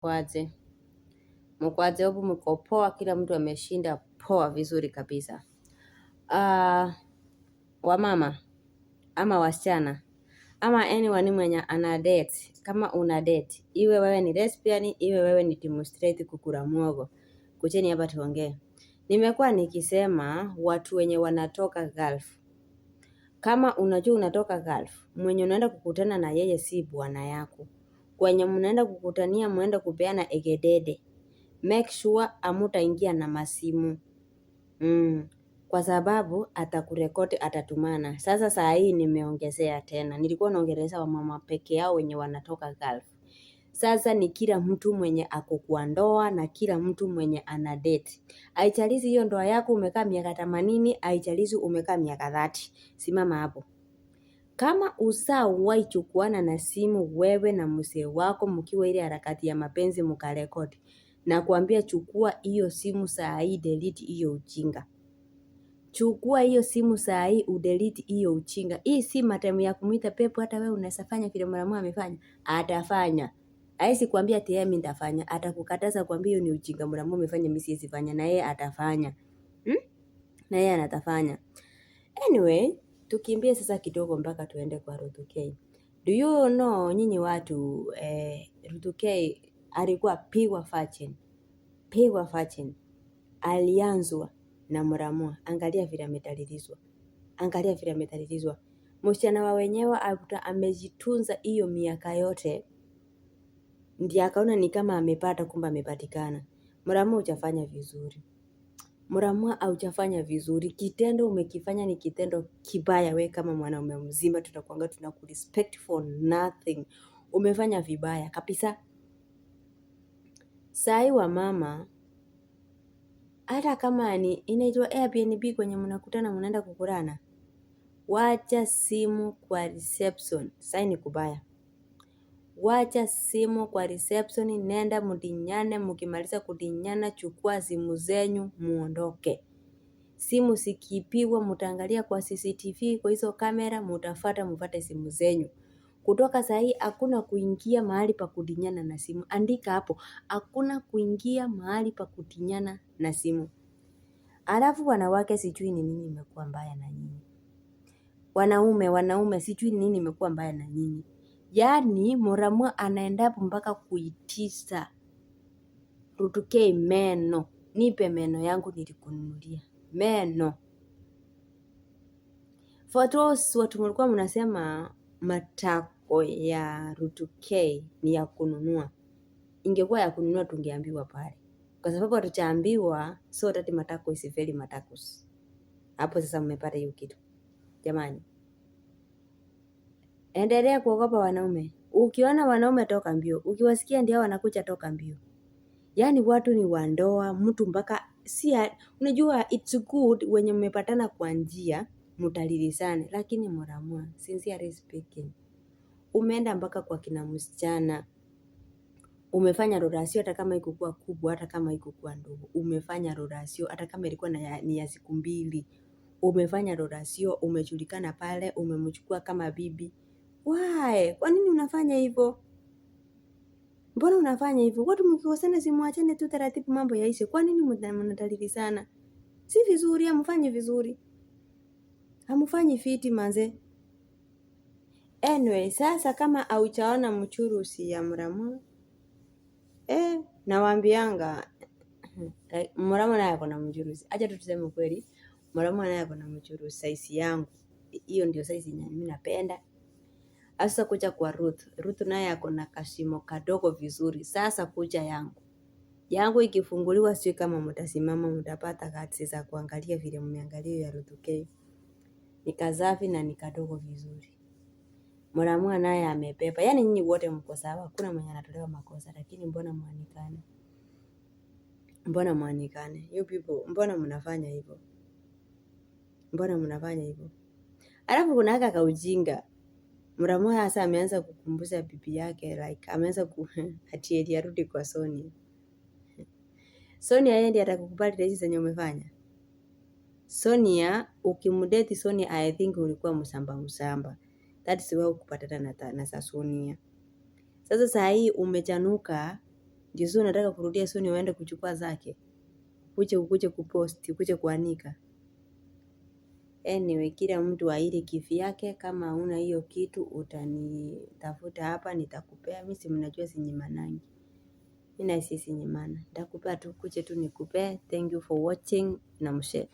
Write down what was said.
mkwaze. Mkwaze hapo, mko poa, kila mtu ameshinda poa vizuri kabisa. Uh, ah, wamama ama wasichana ama anyone mwenye ana date, kama una date, iwe wewe ni lesbian, iwe wewe ni timu straight, kukura mwogo, kucheni hapa tuongee. Nimekuwa nikisema watu wenye wanatoka Gulf, kama unajua unatoka Gulf, mwenye unaenda kukutana na yeye si bwana yako kwenye mnaenda kukutania mnaenda kupeana egedede make sure amutaingia na masimu mm. Kwa sababu atakurekodi atatumana. Sasa saa hii nimeongezea tena, nilikuwa naongelesha wamama peke yao wenye wanatoka Gulf. Sasa ni kila mtu mwenye ako kwa ndoa na kila mtu mwenye ana date. Aichalizi hiyo ndoa yako umekaa miaka 80, aichalizi umekaa miaka 30. Simama hapo. Kama ushawahi chukuana na simu wewe na msee wako mkiwa ile harakati ya mapenzi mkarekodi. na kuambia chukua hiyo simu saa hii delete hiyo ujinga. Chukua hiyo simu saa hii udelete hiyo ujinga. Hii si matemu ya kumuita pepo hata wewe unaweza fanya vile mwanamume amefanya. Atafanya. Haezi kuambia ati yeye mimi nitafanya. Atakukataza kuambia hiyo ni ujinga mwanamume amefanya mimi siwezi fanya na yeye atafanya. Hmm? Na yeye anatafanya. Anyway, tukimbie sasa kidogo mpaka tuende kwa Ruthukei. Do you know nyinyi watu eh, Ruthukei alikuwa pigwa fachin, Pigwa fachin, Alianzwa na Muramua. Angalia vile ametalilizwa, Angalia vile ametalilizwa. Msichana wa wenyewe akuta amejitunza hiyo miaka yote. Ndiye akaona ni kama amepata kumbe amepatikana. Muramua, hujafanya vizuri muramua haujafanya vizuri, kitendo umekifanya ni kitendo kibaya. We kama mwanaume mzima, tutakuanga respect for nothing. Umefanya vibaya kabisa. Sai wa mama hata kama ni inaitwa Airbnb kwenye mnakutana mnaenda kukurana, wacha simu kwa reception. Sai ni kubaya wacha simu kwa reception, nenda mudinyane. Mukimaliza kudinyana, chukua simu zenyu muondoke. Simu sikipigwa, mtaangalia kwa CCTV, kwa hizo kamera, mutafata mufate simu zenyu. Kutoka sahii hakuna kuingia mahali pa kudinyana na simu. Andika hapo, hakuna kuingia mahali pa kudinyana na simu. Alafu wanawake, sijui ni nini imekuwa mbaya na nyinyi. Wanaume, wanaume, sijui ni nini imekuwa mbaya na nyinyi. Yaani Muramwa anaendapo mpaka kuitisa Rutukei meno, nipe meno yangu nilikununulia. Meno Fatros, watu mulikuwa mnasema matako ya Rutukei ni ya kununua. Ingekuwa ya kununua tungeambiwa pale, kwa sababu hatuchaambiwa. So tati matako isifeli matakus. Hapo sasa mmepata hiyo kitu jamani. Endelea kuogopa wanaume. Ukiona wanaume toka mbio, ukiwasikia ndio wanakuja toka mbio. Yaani watu ni wandoa, mtu mpaka si unajua it's good wenye mmepatana kwa njia mtalilizane, lakini mramwa, sincerely speaking. Umeenda mpaka kwa kina msichana. Umefanya rorasio hata kama ikukuwa kubwa, hata kama ikukuwa ndogo. Umefanya rorasio hata kama ilikuwa na ya, ni ya siku mbili. Umefanya rorasio, umejulikana pale, umemchukua kama bibi. Why? Kwa nini unafanya hivyo? Mbona unafanya hivyo? Watu mkikosana simwachane tu taratibu mambo yaishe. Kwa nini sana Si vizuri, amfanye vizuri. Amfanye fiti manze. Anyway, sasa kama auchaona mchuru si ya mramu. Eh, nawaambianga eh, mramu naye kuna na Acha tutuseme kweli. Mramu naye kuna na saizi yangu. Hiyo ndio saizi mimi napenda. Hasa kuja kwa Ruth. Ruth naye ako na kashimo kadogo vizuri. Sasa kuja yangu. Yangu ikifunguliwa sio kama mtasimama mtapata kazi za kuangalia vile mmeangalia ya Ruth K. Ni kazafi na ni kadogo vizuri. Mwanamua naye amebeba. Yaani nyinyi wote mko sawa. Hakuna mwenye anatolewa makosa lakini mbona mwanikane? Mbona mwanikane? You people, mbona mnafanya hivyo? Mbona mnafanya hivyo? Alafu kuna haka kaujinga mara moja hasa ameanza kukumbuza bibi yake like ameanza ku ati eti arudi kwa Sonia. Sonia yeye ndiye atakukubali hizi zenye umefanya. Sonia ukimdate Sonia I think ulikuwa msamba msamba. That's why ukupatana na, na sa Sonia. Sasa saa hii umechanuka ndio unataka kurudia Sonia uende kuchukua zake. Kuche kukuche kuposti, kuche kuanika. Anyway, kila mtu aili kivyake. Kama una hiyo kitu utanitafuta hapa, nitakupea. Mimi si mnajua sinyimanangi, mimi na sisi sinyimana, nitakupea tu kuche tu nikupee. Thank you for watching na mshe